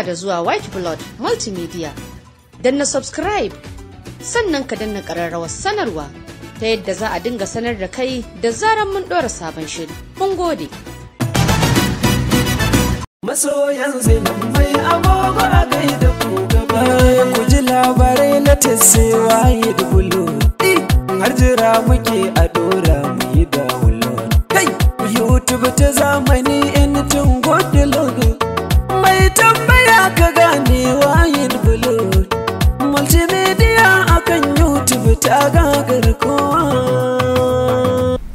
barka da zuwa white blood multimedia na subscribe sannan ka danna ƙararrawar sanarwa ta yadda za a dinga sanar da kai da zarar mun ɗora sabon shiri mun gode masoyan zainab mai agogo a gaida ku gaba ku ji labarai na tasewa da bulo. har jira muke a ɗora mu yi dawulo kai youtube ta zamani in tun gode logo mai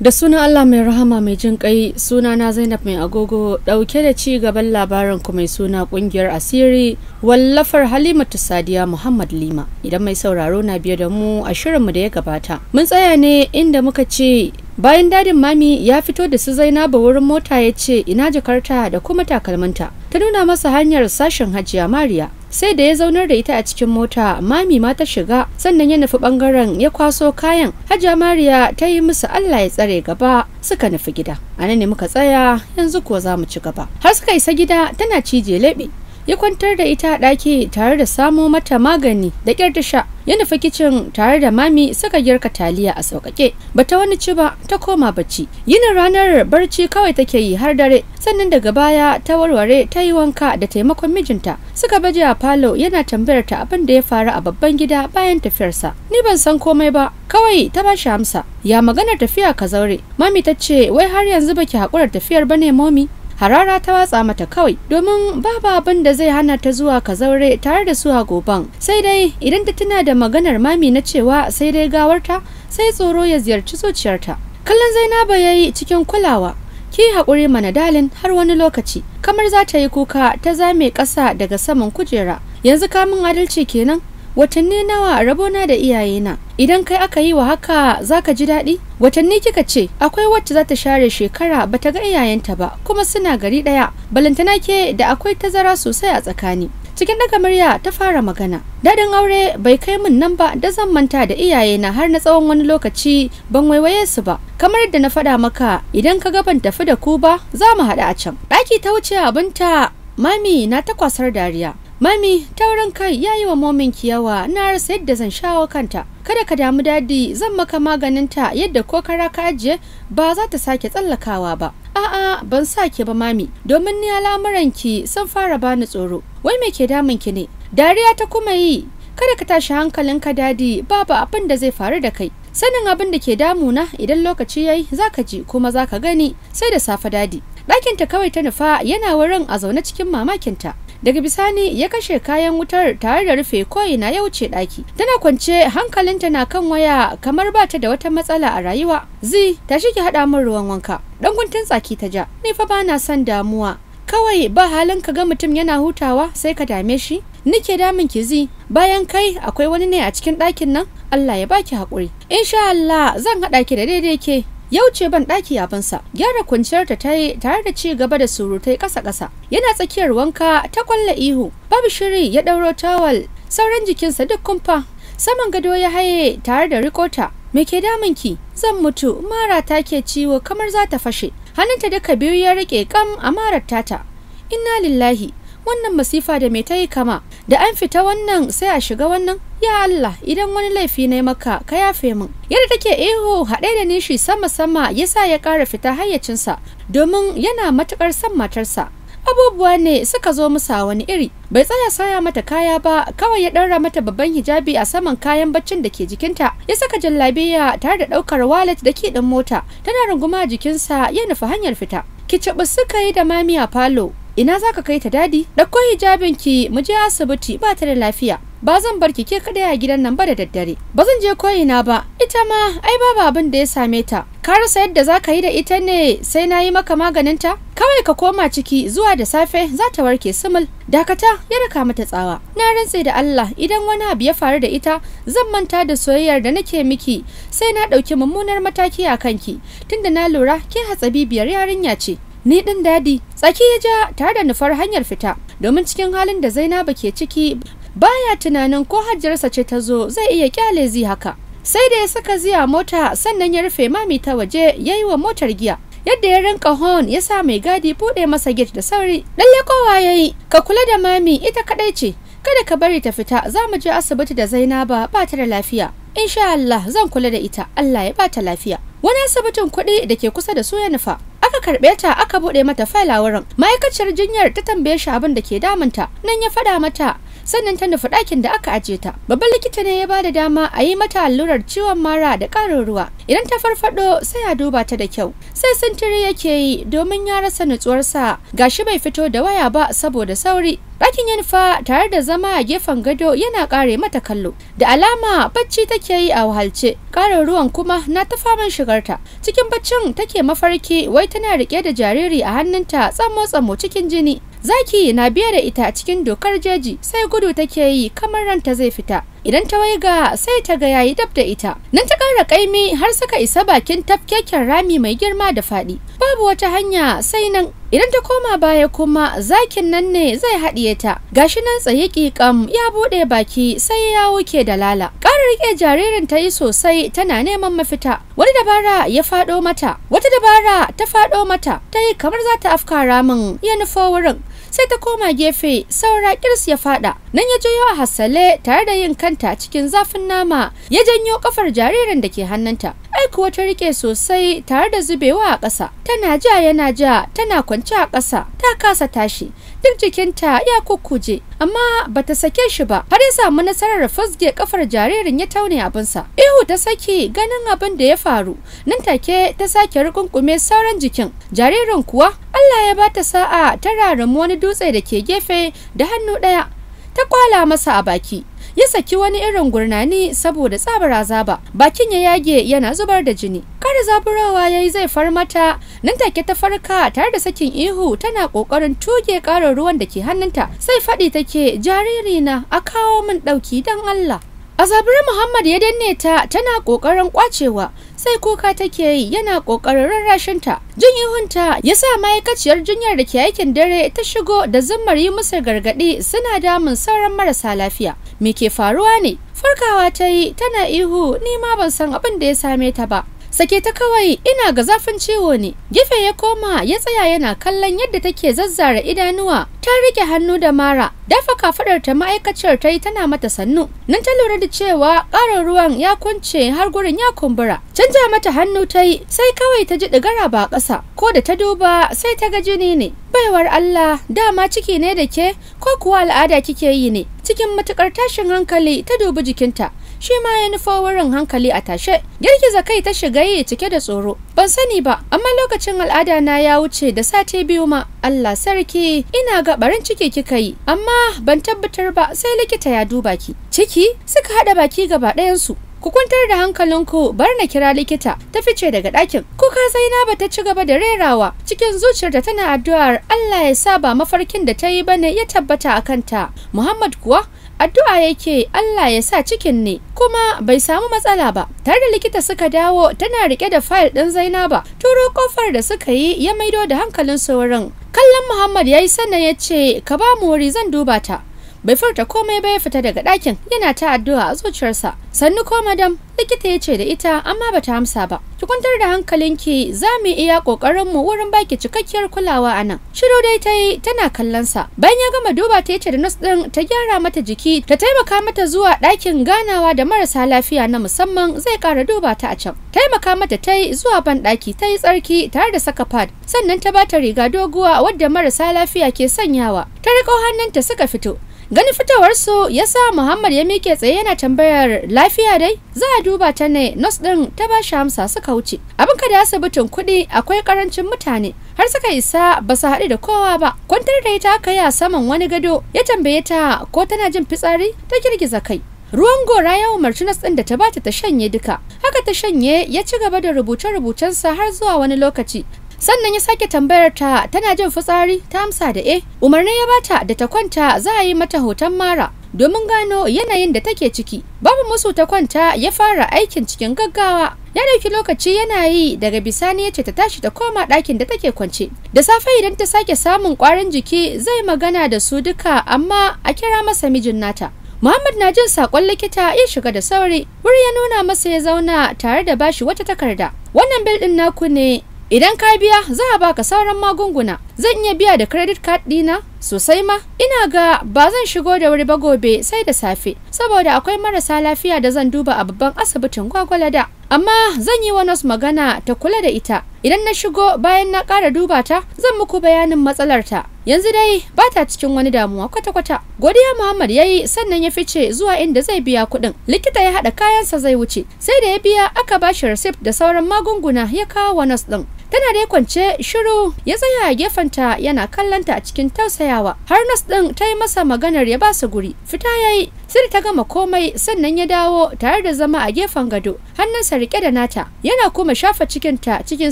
da suna Allah mai rahama mai jin kai suna na Zainab mai agogo ɗauke da ci gaban labarin ku mai suna ƙungiyar asiri wallafar Halimatu Sadiya Muhammad Lima idan mai sauraro na biya da mu a shirinmu da ya gabata mun tsaya ne inda muka ce bayan dadin mami ya fito da su Zainabu wurin mota ya ce ina jakarta da kuma takalmanta ta nuna masa hanyar sashen Hajiya Mariya sai da ya zaunar da ita a cikin mota mami ma ta shiga sannan ya nufi bangaren ya kwaso kayan hajja mariya ta yi musu allah ya tsare gaba suka nufi gida a nan ne muka tsaya yanzu kuwa za mu ci gaba har suka isa gida tana cije laɓe ya kwantar da ita a ɗaki tare da samo mata magani da ƙyar ta sha ya nufi kicin tare da mami suka girka taliya a sauƙaƙe bata wani ci ba ta koma bacci yinin ranar barci kawai take yi har dare sannan daga baya ta warware ta yi wanka da taimakon mijinta suka baje a falo yana tambayar ta abin da ya faru a babban gida bayan tafiyarsa ni ban san komai ba kawai ta ba shi amsa ya maganar tafiya ka zaure mami ta ce wai har yanzu baki haƙurar tafiyar ba ne, momi harara ta watsa mata kawai domin babu abin da zai hana ta zuwa kazaure tare da su a goban sai dai idan ta tuna da maganar mami na cewa sai dai gawarta sai tsoro ya ziyarci zuciyarta kallon zainaba ya yi cikin kulawa ki haƙuri mana dalin har wani lokaci kamar za ta yi kuka ta zame ƙasa daga saman kujera yanzu kamun adalci kenan watanni nawa rabona da iyayena idan kai aka yi wa haka za ka ji daɗi watanni kika ce akwai wacce za ta share shekara bata ga iyayenta ba kuma suna gari ɗaya balantana ke da akwai tazara sosai a tsakani cikin daga murya ta fara magana dadin aure bai kai min nan ba da zan manta da iyaye na har na tsawon wani lokaci ban waiwaye su ba kamar yadda na faɗa maka idan ka ga ban tafi da ku ba za mu haɗu a can ɗaki ta wuce abinta mami na ta kwasar dariya Mami, taurin kai ya yi wa mominki yawa, na rasa yadda zan shawo kanta. Kada ka damu dadi, zan maka maganinta yadda ko kara ka ajiye ba za ta sake tsallakawa ba. A'a, ban sake ba mami, domin ni alamuranki sun fara bani tsoro. Wai me ke damun ki ne? Dariya ta kuma yi, kada ka tashi hankalin ka dadi, babu abin da zai faru da kai. Sanin abin da ke damuna idan lokaci yayi zaka ji kuma zaka gani sai da safa dadi. Ɗakinta kawai ta nufa yana wurin a zaune cikin mamakin ta. daga bisani ya kashe kayan wutar tare da rufe ko'ina ya wuce ɗaki tana kwance hankalinta na kan waya kamar ba ta da wata matsala a rayuwa zi tashi ki haɗa min ruwan wanka Ɗan guntun tsaki ta ja ni fa ba na son damuwa kawai ba halin ka ga mutum yana hutawa sai ka dame shi nike damin ki zi bayan kai akwai wani ne a cikin ɗakin nan Allah ya baki haƙuri insha Allah zan haɗa ki da daidai ke Yau ce ban ɗaki yabansa gyara kwanciyar ta tayi tare da ci gaba da surutai ƙasa-ƙasa yana tsakiyar wanka ta kwalla ihu babu shiri ya ɗauro tawal sauran jikinsa duk kumfa saman gado ya haye tare da rikota me ke damun ki zan mutu mara ta ke ciwo kamar za ta fashe hannunta duka biyu ya rike kam a marar tata inna lillahi wannan masifa da me ta yi kama da an fita wannan sai a shiga wannan ya Allah idan wani laifi ne maka ka yafe min yadda take ihu haɗe da nishi sama sama yasa ya ƙara fita hayyacinsa domin yana matuƙar son matarsa abubuwa ne suka zo musa wani iri bai tsaya saya mata kaya ba kawai ya ɗaura mata babban hijabi a saman kayan baccin da ke jikinta ya saka jallabiya tare da ɗaukar walet da kiɗin mota tana runguma jikinsa ya nufi hanyar fita kicibi suka yi da mami a falo ina za ka kai ta dadi ɗauko hijabin ki mu je asibiti ba ta da lafiya ba zan bar ki ke kaɗai a gidan nan ba da daddare ba zan je ina ba ita ma ai babu abin da ya same ta ka rasa yadda za ka yi da ita ne sai na yi maka maganin ta kawai ka koma ciki zuwa da safe za ta warke sumul dakata ya raka mata tsawa na rantse da Allah idan wani abu ya faru da ita zan manta da soyayyar da nake miki sai na ɗauki mummunar mataki a kanki tunda na lura ke biyar yarinya ce ni din dadi tsaki ya ja tare da nufar hanyar fita domin cikin halin da zainaba ke ciki baya tunanin ko hajjarsa ce ta zo zai iya kyale zi haka sai da ya saka ziya mota sannan ya rufe mami ta waje ya yi wa motar giya yadda ya rinka horn ya sa mai gadi buɗe masa gate da sauri lalle kowa ya yi ka kula da mami ita kaɗai ce kada ka bari ta fita za mu je asibiti da zainaba ba ta da lafiya insha Allah zan kula da ita Allah ya ba ta lafiya wani asibitin kuɗi da ke kusa da su ya nufa aka karbe ta aka buɗe mata fayil wurin ma'aikaciyar jinyar ta tambaye shi abin da ke damunta nan ya faɗa mata sannan ta nufi ɗakin da aka aje ta babban likita ne ya bada dama a yi mata allurar ciwon mara da ƙarin ruwa idan ta farfaɗo, sai a duba ta da kyau sai sintiri yake yi domin ya rasa nutsuwarsa shi bai fito da waya ba saboda sauri ɗakin yanufa, tare da zama a gefen gado yana ƙare mata kallo da alama bacci take yi a wahalce ƙarin ruwan kuma na ta faman shigarta cikin baccin take mafarki wai tana riƙe da jariri a hannunta tsamo tsamo cikin jini zaki na biya da ita cikin dokar jeji sai gudu take yi kamar ranta zai fita idan ta waiga sai ta ga yayi dab da ita nan ta ƙara kaimi har suka isa bakin tafkeken rami mai girma da faɗi babu wata hanya sai nan idan ta koma baya kuma zakin nan ne zai haɗiye ta gashi nan tsaye kam ya buɗe baki sai ya wuke da lala ƙara rike jaririn ta yi sosai tana neman mafita wani dabara ya faɗo mata wata dabara ta faɗo mata ta yi kamar za ta afka ramin ya nufo wurin sai ta koma gefe saura kirs ya fada nan ya juyo a hasale tare da yin kanta cikin zafin nama ya janyo kafar jaririn da ke hannunta ai kuwa ta rike sosai tare da zubewa a ƙasa tana ja yana ja tana kwance a ƙasa ta kasa tashi duk jikinta ya kukkuje amma bata sake shi ba har ya samu nasarar fasge kafar jaririn ya taune abinsa ihu ta saki ganin abin da ya faru nan take ta sake rukunkume sauran jikin jaririn kuwa Allah ya bata sa'a ta rarumi wani dutse da ke gefe da hannu ɗaya ta kwala masa a baki ya saki wani irin gurnani saboda tsabar azaba bakin ya yage yana zubar da jini Kar zaburawa ya yi zai far mata nan take ta farka tare da sakin ihu tana kokarin tuge karin ruwan da ke hannunta sai faɗi take jaririna a kawo min ɗauki don allah azabura muhammad ya danne ta tana kokarin kwacewa sai kuka take yi yana kokarin rarrashin ta jin ihunta ya sa ma'aikaciyar jinyar da ke aikin dare ta shigo da zummar yi musu gargaɗi suna damun sauran marasa lafiya me ke faruwa ne farkawa ta yi tana ihu nima ban san abin da ya same ta ba sake ta kawai ina ga zafin ciwo ne gefe ya koma ya tsaya yana kallon yadda take zazzara idanuwa ta rike hannu da mara dafa kafadar ta ma'aikaciyar ta yi tana mata sannu nan ta lura da cewa ƙarin ruwan ya kunce har gurin ya kumbura canja mata hannu ta yi sai kawai ta ji ɗigara ba ƙasa ko da ta duba sai ta ga jini ne baiwar Allah dama ciki ne da ke ko kuwa al'ada kike yi ne cikin matukar tashin hankali ta dubi jikinta shi ma ya nufa wurin hankali a tashe girgiza kai ta shiga yi cike da tsoro ban sani ba amma lokacin al'ada na ya wuce da sati biyu ma Allah sarki ina ga barin ciki kika yi amma ban tabbatar ba sai likita ya duba ki ciki suka hada baki gaba ɗayan su ku kwantar da hankalinku bar na kira likita ta fice daga ɗakin kuka ba ta ci gaba da rerawa cikin zuciyar da tana addu'ar allah ya saba mafarkin da ta yi bane ya tabbata a kanta muhammad kuwa addu'a yake Allah ya sa cikin ne kuma bai samu matsala ba tare da likita suka dawo tana rike da fayil din Zainaba turo kofar da suka yi ya maido da hankalin sauran kallon Muhammad yayi sannan yace ka ba mu wuri zan duba ta bai furta komai ba ya fita daga ɗakin yana ta addu'a a zuciyarsa sannu ko madam likita ya ce da ita amma bata amsa ba ki kwantar da hankalinki za mu iya ƙoƙarin mu wurin baki cikakkiyar kulawa a nan Shiro dai ta yi tana kallon sa bayan ya gama duba ta yace da nas ɗin, ta gyara mata jiki ta taimaka mata zuwa ɗakin ganawa da marasa lafiya na musamman zai ƙara duba ta a can taimaka mata ta yi zuwa ban ɗaki ta yi tsarki tare da saka pad sannan ta bata riga doguwa wadda marasa lafiya ke sanyawa ta riƙo hannunta suka fito Gani fitowarsu ya sa Muhammad ya miƙe tsaye yana tambayar lafiya dai za a duba ta ne nos ɗin ta ba shi amsa suka wuce. Abin ka da asibitin kuɗi akwai ƙarancin mutane har suka isa ba su haɗu da kowa ba. Kwantar da ita aka yi a saman wani gado ya tambaye ta ko tana jin fitsari ta girgiza kai. ruwan gora ya umarci nas ɗin da ta bata ta shanye duka haka ta shanye ya ci gaba da rubuce-rubucensa har zuwa wani lokaci sannan ya sake tambayar ta tana jin fitsari ta amsa da eh umarni ya bata da ta kwanta za a yi mata hoton mara domin gano yanayin da take ciki babu musu ta kwanta ya fara aikin cikin gaggawa ya dauki lokaci yana yi daga bisani ya ce ta tashi ta koma ɗakin da take kwance da safe idan ta sake samun ƙwarin jiki zai magana da su duka amma a kira masa mijin nata Muhammad na jin sakon likita ya shiga da sauri wuri ya nuna masa ya zauna tare da bashi wata takarda wannan bil din naku ne idan ka biya za a baka sauran magunguna zan iya biya da credit card dina sosai ma ina ga ba zan shigo da wuri ba gobe sai da safe saboda akwai marasa lafiya da zan duba a babban asibitin gwagwalada amma zan yi wani magana ta kula da ita idan na shigo bayan na kara duba ta zan muku bayanin matsalar ta yanzu dai ba ta cikin wani damuwa kwata-kwata godiya muhammad ya yi sannan ya fice zuwa inda zai biya kuɗin likita ya haɗa kayansa zai wuce sai da ya biya aka ba shi receipt da sauran magunguna ya kawo wa ɗin tana dai kwance shiru ya tsaya a ta, yana kallanta a cikin tausayawa har nas din ta yi masa maganar ya basu guri fita ya yi. sir ta gama komai sannan ya dawo tare da zama a gefen gado hannunsa rike da nata yana kuma shafa cikin ta, cikin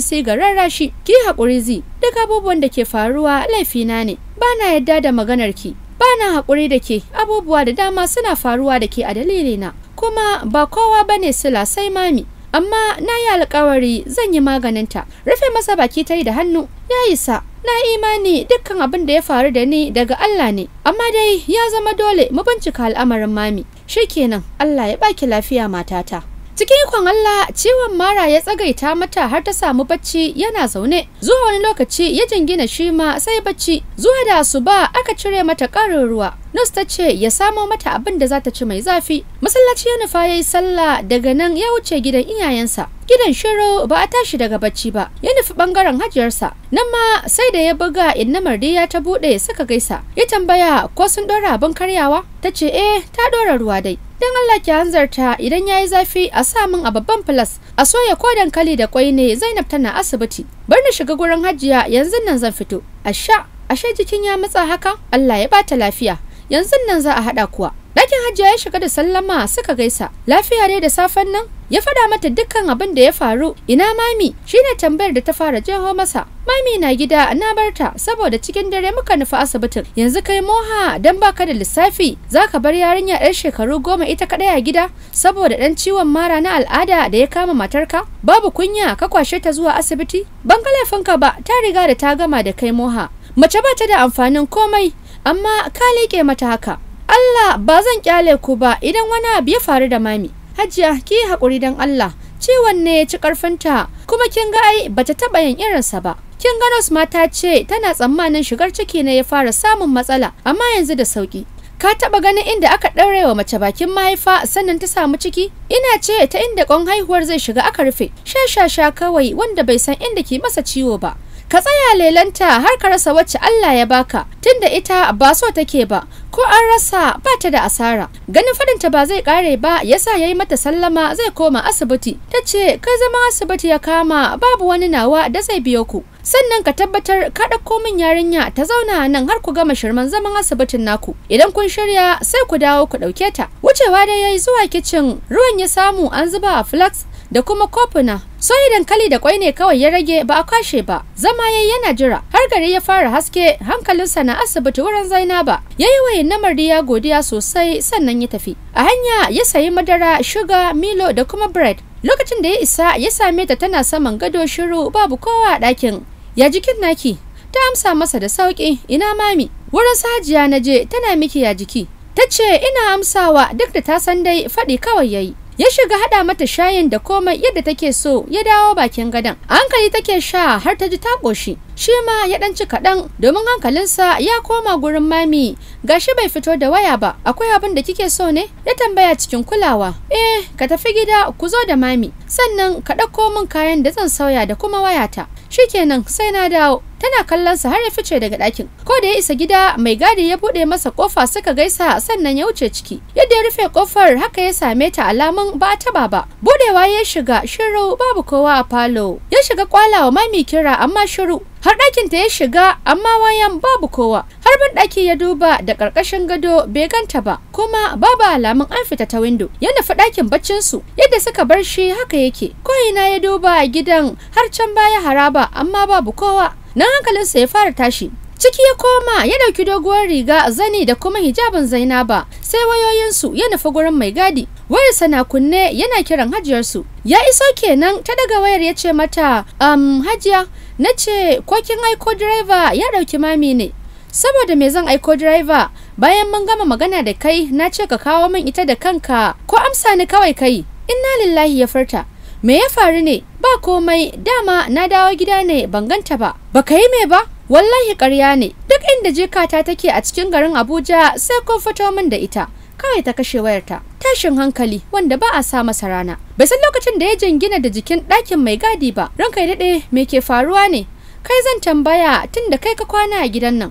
sigarar rashi ki haƙuri zi duk abubuwan da ke faruwa laifina ne bana yadda da maganar ki bana haƙuri da ke abubuwa da dama suna faruwa da ke a dalilina kuma ba kowa bane sila sai mami amma na yi alkawari zan yi maganinta rufe masa baki ta yi da hannu ya isa na imani dukkan abin da ya faru da ni daga Allah ne amma dai ya zama dole mu bincika al'amarin mami shikenan Allah ya baki lafiya matata cikin ikon Allah ciwon mara ya tsagaita mata har ta samu bacci yana zaune zuwa wani lokaci ya jingina shi ma sai bacci zuwa da su ba aka cire mata ƙarin ruwa Nus ta ce ya samo mata abin da za ta ci mai zafi masallaci ya nufa ya yi sallah daga nan ya wuce gidan iyayensa gidan shiru ba a tashi daga bacci ba ya nufi bangaren hajiyarsa nan ma sai da ya buga inna mardiya ta bude suka gaisa ya tambaya ko sun dora abin karyawa ta ce eh ta dora ruwa dai don Allah ki hanzarta idan ya yi zafi a sa min a babban filas a soya ko dankali da kwai ne Zainab tana asibiti bar na shiga gurin hajiya yanzu nan zan fito asha ashe jikin ya matsa haka Allah ya bata lafiya yanzu nan za a haɗa kuwa ɗakin hajiya ya shiga da sallama suka gaisa lafiya dai da safen nan ya faɗa mata dukkan abin da ya faru ina mami shine tambayar da ta fara jeho masa mami na gida na barta saboda cikin dare muka nufi asibitin yanzu kai moha dan baka da lissafi zaka bar yarinya yar shekaru goma ita kaɗai a gida saboda ɗan ciwon mara na al'ada da ya kama matarka babu kunya ka kwashe ta zuwa asibiti ban ka ba ta riga da ta gama da kai moha mace ba ta da amfanin komai amma ka leƙe mata haka Allah ba zan kyale ku ba idan wani abu ya faru da mami hajiya ki haƙuri don Allah ciwon ne ya ci ƙarfinta kuma kin ga ai bata taɓa yin irinsa ba kin ga nos mata ce tana tsammanin shigar ciki ne ya fara samun matsala amma yanzu da sauki ka taɓa ganin inda aka ɗaure wa mace bakin mahaifa sannan ta samu ciki ina ce ta inda ƙwan haihuwar zai shiga aka rufe shashasha kawai wanda bai san inda ke masa ciwo ba ka tsaya lelanta har ka rasa wacce Allah ya baka tunda ita ba so take ba ko an rasa ba ta da asara ganin ta ba zai kare ba yasa ya yi mata sallama zai koma asibiti tace ce kai zama asibiti ya kama babu wani nawa da zai biyo ku sannan ka tabbatar ka ɗauko min yarinya ta zauna nan har ku gama shirman zaman asibitin naku idan kun shirya sai ku dawo ku ɗauke ta wucewa dai yayi zuwa kicin ruwan ya samu an zuba a flax da kuma kofuna soyi dankali da kwai ne kawai ya rage ba a kwashe ba zama yayi yana jira har gari ya fara haske hankalinsa na asibiti wurin zainaba ya yi wayin na mardiya godiya sosai sannan ya tafi a hanya ya sayi madara shuga milo da kuma bread lokacin da ya isa ya same ta tana saman gado shiru babu kowa a ɗakin ya jikin naki ta amsa masa da sauƙi ina mami wurin sajiya na je tana miki ya jiki ta ce ina amsawa duk da ta san dai faɗi kawai yayi ya shiga hada mata shayin da komai yadda take so ya dawo bakin gadon hankali take sha har ta ji ta koshi shi ma ya dan ci kaɗan domin hankalinsa ya koma gurin mami gashi bai fito da waya ba akwai abin da kike so ne ya tambaya cikin kulawa eh ka tafi gida ku zo da mami sannan ka ɗauko min kayan da zan sauya da kuma wayata shikenan sai na dawo tana kallon sa har ya fice daga ɗakin ko da ya isa gida mai gadi ya buɗe masa kofa suka gaisa sannan ya wuce ciki yadda ya rufe kofar haka ya same ta alaman ba ta baba budewa ya shiga shiru babu kowa a falo ya shiga kwalawa mami kira amma shiru har ɗakin ta ya shiga amma wayan babu kowa har ban ɗaki ya duba da ƙarƙashin gado bai ganta ba kuma babu alamun an fita ta windo ya nufi ɗakin baccin su yadda suka bar shi haka yake ko'ina ya duba gidan har can baya haraba amma babu kowa nan hankalin su ya fara tashi ciki ya koma ya dauki doguwar riga zani da kuma hijabin zainaba sai wayoyinsu ya nufi gurin mai gadi wayarsa na kunne yana kiran hajiyarsu ya iso kenan ta daga wayar ya ce mata um, hajiya na ce ko kin aiko direba ya ɗauki mami ne saboda me zan aiko direba bayan mun gama magana da kai na ce ka kawo min ita da kanka ko amsa ni kawai kai inna lillahi ya furta me ya faru ne ba komai dama na dawo gida ne ban ganta ba baka yi me ba wallahi ƙarya ne duk inda jikata take a cikin garin abuja sai kun fito min da ita kawai ta kashe wayarta tashin hankali wanda ba a sa masa rana bai san lokacin da ya jingina da jikin ɗakin mai gadi ba ranka ya daɗe me ke faruwa ne kai zan tambaya tun da kai ka kwana a gidan nan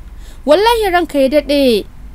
wallahi ranka ya daɗe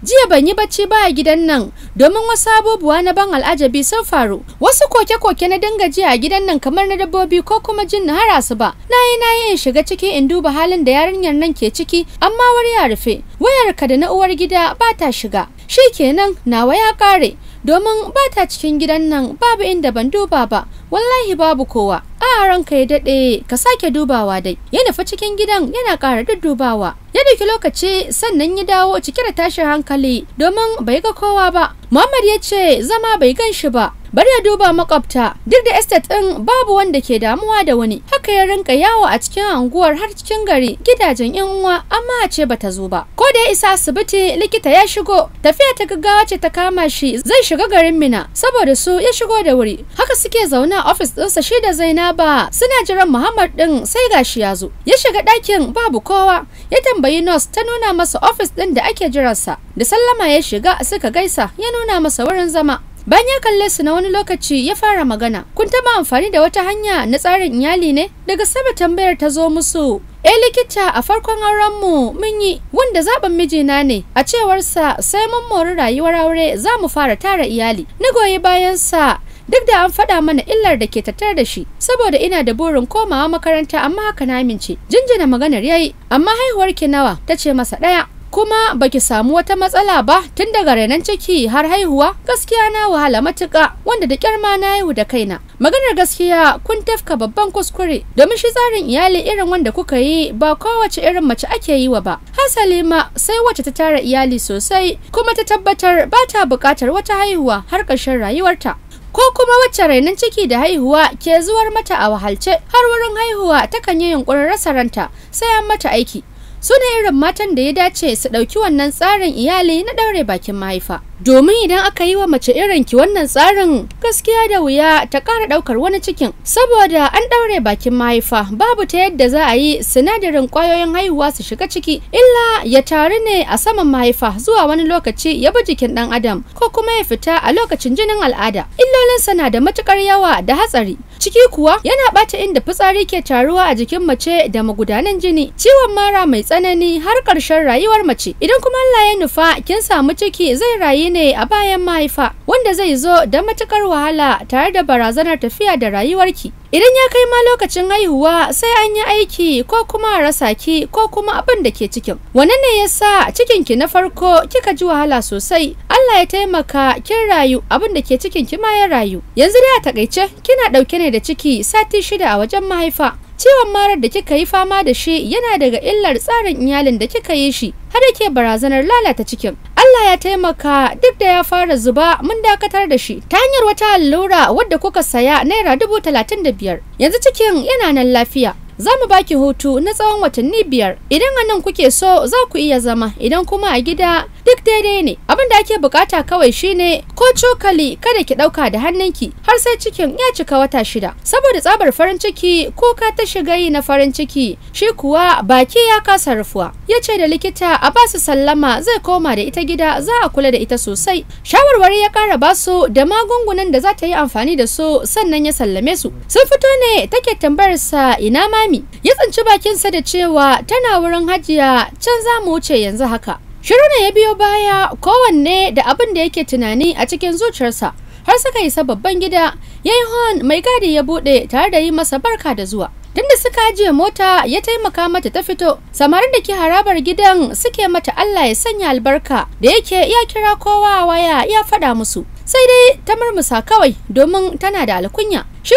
jiya ban yi bacci ba a gidan nan domin wasu abubuwa na ban al'ajabi sun faru wasu koke-koke na dinga jiya a gidan nan kamar na dabbobi ko kuma jin na hara su ba na yi na yi in shiga ciki in duba halin da yarinyar nan ke ciki amma wari ya rufe wayarka da na uwar gida ba ta shiga Shi kenan, nawa ya kare domin ba ta cikin gidan nan babu inda ban duba ba wallahi babu kowa a ranka ya dade. ka sake dubawa dai ya nufi cikin gidan yana kara dubawa ya ɗauki lokaci sannan ya dawo cike da tashin hankali domin bai ga kowa ba muhammad ya ce zama bai gan shi ba bari ya duba makwabta duk da estate din babu wanda ke damuwa da wani haka ya rinka yawo a cikin anguwar har cikin gari gidajen yan uwa amma ce bata zo ba ko da ya isa asibiti likita ya shigo tafiya ta gaggawa ce ta kama shi zai shiga garin mina saboda su ya shigo da wuri haka suke zaune a ofis ɗinsa shi da zainaba suna jiran muhammad din sai gashi ya zo ya shiga ɗakin babu kowa ya tambayi nurse ta nuna masa ofis ɗin da ake jiransa da sallama ya shiga suka gaisa ya nuna masa wurin zama bayan ya kalle su na wani lokaci ya fara magana kun taba amfani da wata hanya na tsarin iyali ne daga saba tambayar ta zo musu eh likita a farkon auren mu mun yi wanda zaben mijina ne a cewar sa, sai mun mori rayuwar aure za mu fara tara iyali na goyi bayan sa duk da an faɗa mana illar da ke tattare da shi saboda ina da burin komawa makaranta amma haka na amince jinjina maganar yayi amma haihuwar ki nawa ta ce masa ɗaya kuma baki samu wata matsala ba tun daga renon ciki har haihuwa gaskiya na wahala matuka, wanda da kyar ma na haihu da kaina maganar gaskiya kun tafka babban kuskure domin shi tsarin iyali irin wanda kuka yi ba kowace irin mace ake yi wa ba hasali ma sai wacce ta tara iyali sosai kuma ta tabbatar ba ta buƙatar wata haihuwa har ƙarshen rayuwarta ko kuma wacce rainon ciki da haihuwa ke zuwar mata a wahalce har wurin haihuwa takan yi yunƙurin rasa ranta sai an mata aiki su ne irin matan da ya dace su ɗauki wannan tsarin iyali na ɗaure bakin mahaifa domin idan aka yi wa mace irin ki wannan tsarin gaskiya da wuya ta kara ɗaukar wani cikin saboda an ɗaure bakin mahaifa babu ta yadda za a yi sinadarin kwayoyin haihuwa su shiga ciki illa ya taru ne a saman mahaifa zuwa wani lokaci ya bi jikin ɗan adam ko kuma ya fita a lokacin jinin al'ada illolinsa na da matukar yawa da hatsari ciki kuwa yana ɓata inda fitsari ke taruwa a jikin mace da magudanan jini ciwon mara mai tsanani har ƙarshen rayuwar mace idan kuma Allah ya nufa kin samu ciki zai rayu ne a bayan mahaifa wanda zai zo da matukar wahala tare da barazanar tafiya da rayuwarki idan ya kai ma lokacin haihuwa sai an yi aiki ko kuma rasa ki ko kuma abin da ke cikin wani ne yasa cikin ki na farko kika ji wahala sosai Allah ya taimaka kin rayu abin da ke cikin ki ma ya rayu yanzu dai a takaice kina ɗauke ne da ciki sati shida a wajen mahaifa ciwon marar da kika yi fama da shi yana daga illar tsarin iyalin da kika yi shi har yake barazanar lalata cikin Allah ya taimaka duk da ya fara zuba mun dakatar da shi ta hanyar wata allura wadda kuka saya naira dubu talatin da biyar yanzu cikin yana nan lafiya za mu baki hutu na tsawon watanni biyar idan a nan kuke so za ku iya zama idan kuma a gida duk daidai ne abin da ake bukata kawai shine ko cokali kada ki dauka da hannunki har sai cikin ya cika wata shida saboda tsabar farin ciki ko ka ta shiga yi na farin ciki shi kuwa baki ya kasa rufuwa ya ce da likita a basu sallama zai koma da ita gida za a kula da ita sosai shawarwari ya kara basu da magungunan da za ta yi amfani da su sannan ya sallame su sun fito ne take tambayar sa ina ma Sami ya tsinci bakinsa da cewa tana wurin hajiya can za mu wuce yanzu haka. Shiruna ya biyo baya kowanne da abin da yake tunani a cikin zuciyarsa har suka isa babban gida ya hon mai gadi ya bude tare da yi masa barka da zuwa. Tunda suka ajiye mota ya taimaka mata ta fito, samarin da ke harabar gidan suke mata Allah ya sanya albarka da yake iya kira kowa waya ya faɗa musu. sai dai ta murmusa kawai domin tana da alkunya shi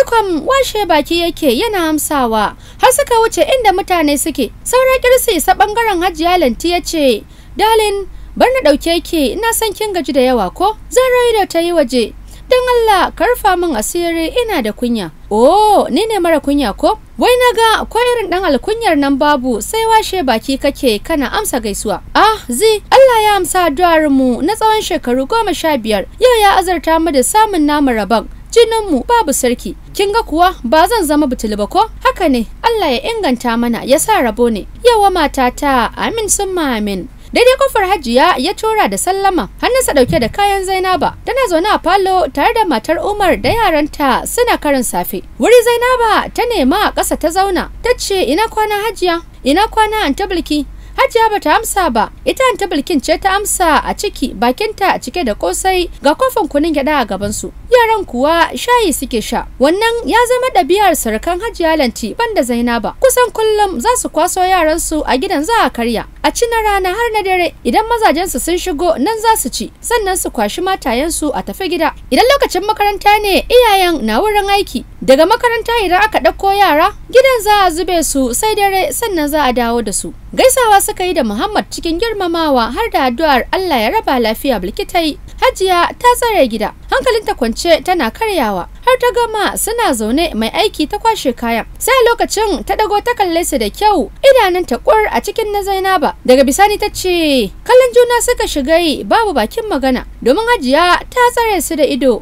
washe baki yake yana amsawa har suka wuce inda mutane suke saura kirsi isa bangaren hajiya lanti ya ce dalin bar na ɗauke yake. ina san kin gaji da yawa ko zarai da ta yi waje don allah karfa min asiri ina da kunya oh ni ne mara kunya ko wai na ga akwai irin dan alkunyar nan babu sai washe baki kake kana amsa gaisuwa ah zi Allah ya amsa addu'ar mu na tsawon shekaru goma sha biyar yau ya azarta mu da samun namu rabon mu babu sarki kin ga kuwa ba zan zama butulu ba ko haka ne Allah ya inganta mana ya sa rabo ne yawa matata amin sun amin daidai kofar hajiya ya tura da sallama hannunsa dauke da kayan zainaba tana zaune a falo tare da matar umar da yaranta suna karin safe wuri zainaba ta nema a ƙasa ta zauna ta ce ina kwana hajiya ina kwana an tabilki Hajiya ta amsa ba, ita an Bilkin ce ta amsa a ciki bakinta a cike da kosai ga kofin kunin gyada a gabansu. Yaran kuwa shayi suke sha. Wannan ya zama ɗabi'ar surukan Hajiya Lanti banda Zainaba. Kusan kullum za su kwaso yaransu a gidan za a karya. a ci na rana har na dare idan mazajensu sun shigo nan za su ci sannan su kwashi matayensu a tafi gida idan lokacin makaranta ne iyayen na wurin aiki daga makaranta idan aka ɗauko yara gidan za a zube su sai dare sannan za a dawo da su gaisawa suka yi da muhammad cikin girmamawa har da addu'ar allah ya raba lafiya bilkitai hajiya ta tsare gida hankalinta kwance tana karyawa har ta gama suna zaune mai aiki ta kwashe kayan sai lokacin ta dago ta kalle su da kyau idanun ta kur a cikin na Zainaba daga bisani ta ce kallon juna suka shiga yi babu bakin magana domin hajiya ta tsare su da ido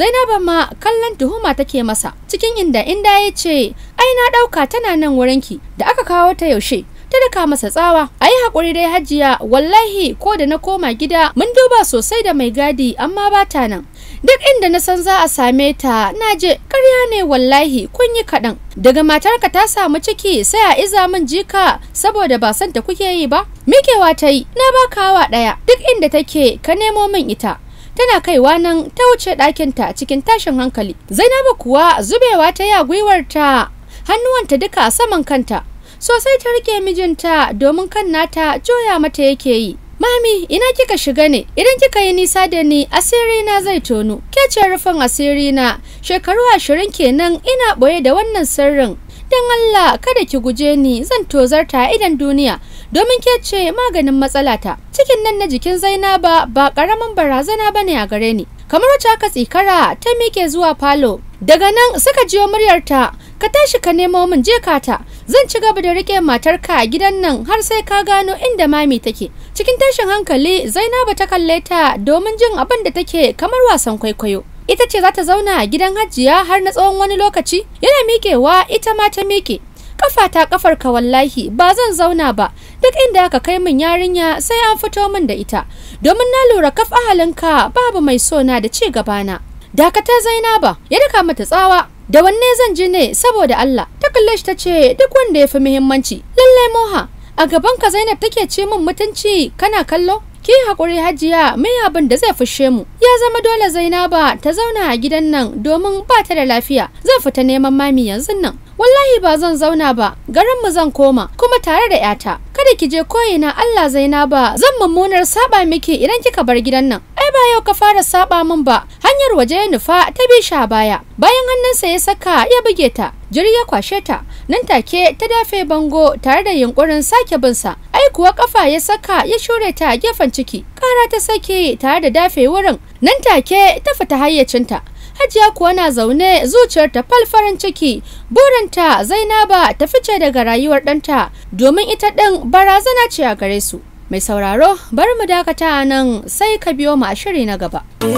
Zainaba ma kallon tuhuma take masa cikin inda inda ya ce ai na dauka tana nan wurinki da aka kawo ta yaushe ta daka masa tsawa a yi haƙuri dai hajiya wallahi ko da na koma gida mun duba sosai da mai gadi amma ba ta nan duk inda na san za a same ta na je karya ne wallahi kun yi kaɗan daga matarka ta samu ciki sai a iza min jika saboda ba san santa kuke yi ba mikewa ta yi na baka hawa ɗaya duk inda take ka nemo min ita tana kaiwa nan ta wuce ɗakinta cikin tashin hankali zainabu kuwa zubewa ta ya gwiwarta hannuwanta duka saman kanta sosai ta rike mijinta domin kan nata joya mata yake yi Mami, ina kika shiga ne? Idan kika yi nisa da ni, asiri na zai tono. Ke ce rufin asiri na. Shekaru ashirin kenan ina ɓoye da wannan sirrin. Don Allah, kada ki guje ni, zan tozarta idan duniya. Domin ke ce maganin matsalata. Cikin nan na jikin Zainaba ba ƙaramin barazana bane a gare ni. Kamar wacce aka tsikara ta mike zuwa falo. Daga nan suka jiyo muryarta, ka tashi ka nemo min ta. zan ci gaba da rike matarka a gidan nan har sai ka gano inda mami take cikin tashin hankali zainabu ta kalle ta domin jin abin da take kamar wasan kwaikwayo ita ce za ta zauna a gidan hajiya har na tsawon wani lokaci yana miƙewa ita ma ta miƙe kafa ta kafar ka wallahi ba zan zauna ba duk inda aka kai min yarinya sai an fito min da ita domin na lura kaf ahalinka babu mai sona da ci gabana Dakatar zainaba ya daka mata tsawa da wanne zan ji ne saboda allah ta kalle shi ta ce duk wanda ya fi muhimmanci lallai moha a gaban ka zainab take ce min mutunci kana kallo ki haƙuri hajiya mai abin da zai fushe mu ya zama dole zainaba ta zauna a gidan nan domin ba ta da lafiya zan fita neman mami yanzu nan wallahi ba zan zauna ba garin mu zan koma kuma tare da yata kada ki je koyina Allah zainaba zan mummunar saba miki idan kika bar gidan nan ai ba yau ka fara saba min ba hanyar waje ya nufa ta bi a baya bayan hannunsa ya saka ya buge ta jiri ya kwashe ta nan take ta dafe bango tare da yunkurin sake bin sa Kai kuwa kafa ya saka ya shure ta a gefen ciki, kara ta sake tare da dafe wurin, nan take ta fita hayyacinta. Hajiya kuwa na zaune zuciyar ta falfarin ciki, burinta Zainaba ta fice daga rayuwar ɗanta domin ita ɗin barazana ce a gare su. Mai sauraro, bari mu dakata nan sai ka biyo mu a shiri na gaba. Eh,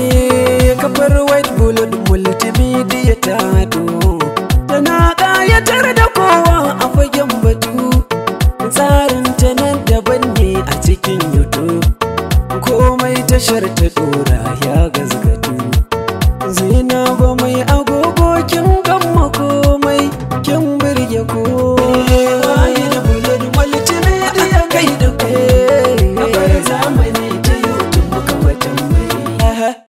tashar ta dora ya gazga